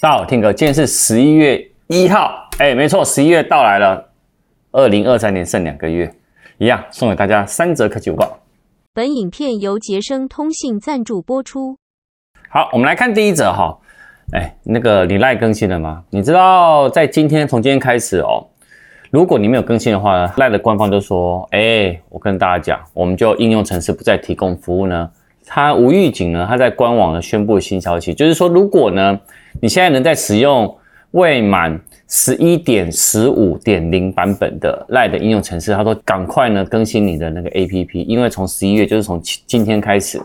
大家好，天哥，今天是十一月一號，哎、欸，沒錯，十一月到來了，二零二三年剩兩個月，一樣送給大家三則科技午報。本影片由傑昇通信贊助播出。好，我們來看第一則哈，哎、欸，那個你 LINE 更新了嗎？你知道，在今天，從今天開始哦，如果你沒有更新的話呢，LINE 的官方就說，哎、欸，我跟大家講，我們就應用程式不再提供服務呢。他無預警呢，他在官網呢宣布新消息，就是說，如果呢，你現在能在使用未滿十一點十五點零版本的 LINE 應用程式，他說趕快呢更新你的那個 APP，因為從十一月，就是從今天開始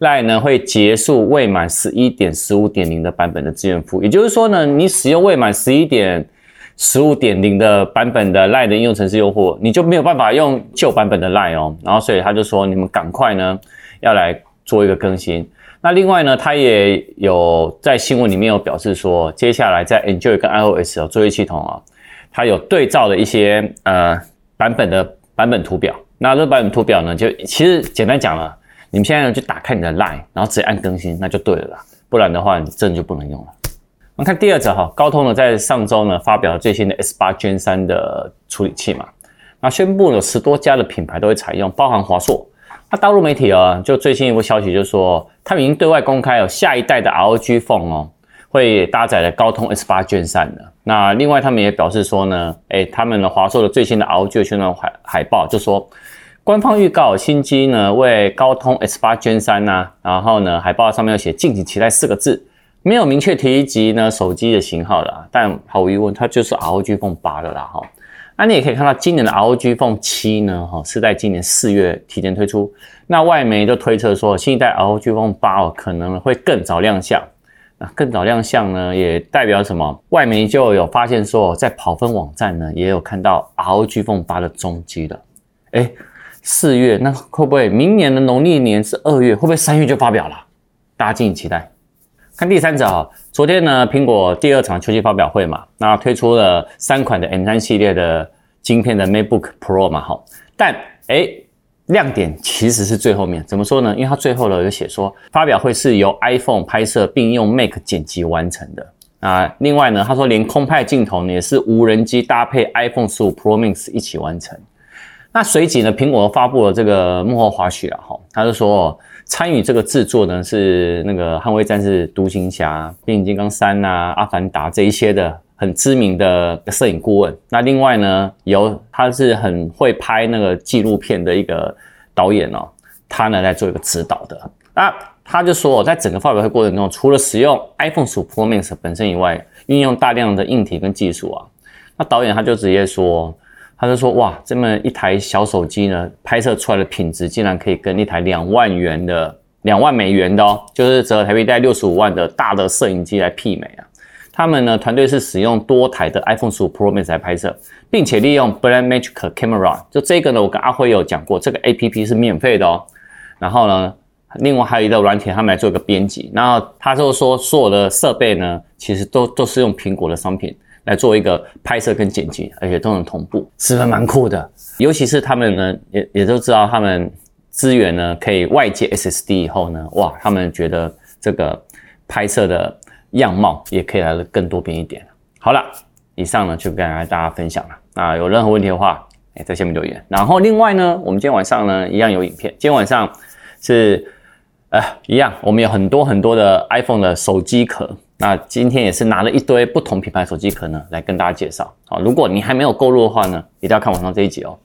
，LINE 呢會結束未滿十一點十五點零的版本的支援服務，也就是說呢，你使用未滿十一點十五點零的版本的 LINE 應用程式用戶，你就沒有辦法用舊版本的 LINE 哦，然後所以他就說你們趕快呢要來。做一個更新，那另外呢，他也有在新聞裡面有表示說，接下來在 Android 跟 iOS 的、哦、作業系統啊、哦，它有對照的一些呃版本的版本圖表。那這版本圖表呢，就其實簡單講了，你們現在去打開你的 Line，然後直接按更新，那就對了啦，不然的話你真的就不能用了。我們看第二則哈、哦，高通呢在上周呢發表了最新的 S 八 Gen 三的處理器嘛，那宣布了十多家的品牌都會採用，包含華碩。那大陸媒體哦，就最新一波消息，就說他們已經對外公開有、哦、下一代的 ROG Phone 哦，會搭載了高通 S 八 Gen 三的。那另外他們也表示說呢，誒他們的華碩的最新的 ROG 宣傳海海報就說，官方預告新機呢為高通 S 八 Gen 三吶、啊，然後呢海報上面要寫敬請期待四個字，沒有明確提及呢手機的型號啦，但毫無疑問它就是 ROG Phone 八的啦哈、哦。那、啊、你也可以看到，今年的 ROG Phone 七呢，哈是在今年四月提前推出。那外媒就推測說，新一代 ROG Phone 八哦可能會更早亮相。那更早亮相呢，也代表什麼？外媒就有發現說，在跑分網站呢，也有看到 ROG Phone 八的蹤跡了。哎，四月那會不會明年的農曆年是二月，會不會三月就發表了？大家敬請期待。看第三則啊，昨天呢，蘋果第二場秋季發表會嘛，那推出了三款的 M3 系列的芯片的 MacBook Pro 嘛，哈，但誒，亮點其實是最後面，怎麼說呢？因為它最後呢有寫說，發表會是由 iPhone 拍攝並用 Mac 剪輯完成的啊。那另外呢，他說連空拍鏡頭呢也是無人機搭配 iPhone 15 Pro Max 一起完成。那隨即呢，蘋果發布了這個幕後花絮了，哈，他就說。參與這個製作呢是那個《捍衛戰士》《獨行俠》《變形金剛三》啊，《阿凡達》這一些的很知名的攝影顧問。那另外呢，有他是很會拍那個紀錄片的一個導演哦，他呢來做一個指導的。那他就說哦，在整個發表會過程中，除了使用 iPhone 15 Pro Max 本身以外，運用大量的硬體跟技術啊。那導演他就直接說。他就說：“哇，這麼一台小手機呢，拍攝出來的品質竟然可以跟一台兩萬元的、兩萬美元的，哦，就是折合台幣大概六十五萬的大的攝影機來媲美啊！他們呢團隊是使用多台的 iPhone 十五 Pro Max 來拍攝，並且利用 Blackmagic Camera，就這個呢，我跟阿輝有講過，這個 APP 是免費的哦。然後呢，另外還有一個軟體，他們來做一個編輯。然後他就說，所有的設備呢，其實都都是用蘋果的商品。”來做一個拍攝跟剪輯，而且都能同步，十分蠻酷的。尤其是他們呢，也也都知道他們資源呢可以外接 SSD 以後呢，哇，他們覺得這個拍攝的樣貌也可以來的更多變一點。好了，以上呢就跟大家分享了。啊，有任何問題的話，哎，在下面留言。然後另外呢，我們今天晚上呢一樣有影片，今天晚上是呃一樣，我們有很多很多的 iPhone 的手機殼。那今天也是拿了一堆不同品牌手機殼呢，來跟大家介紹。啊，如果你還沒有購入的話呢，一定要看網上這一集哦。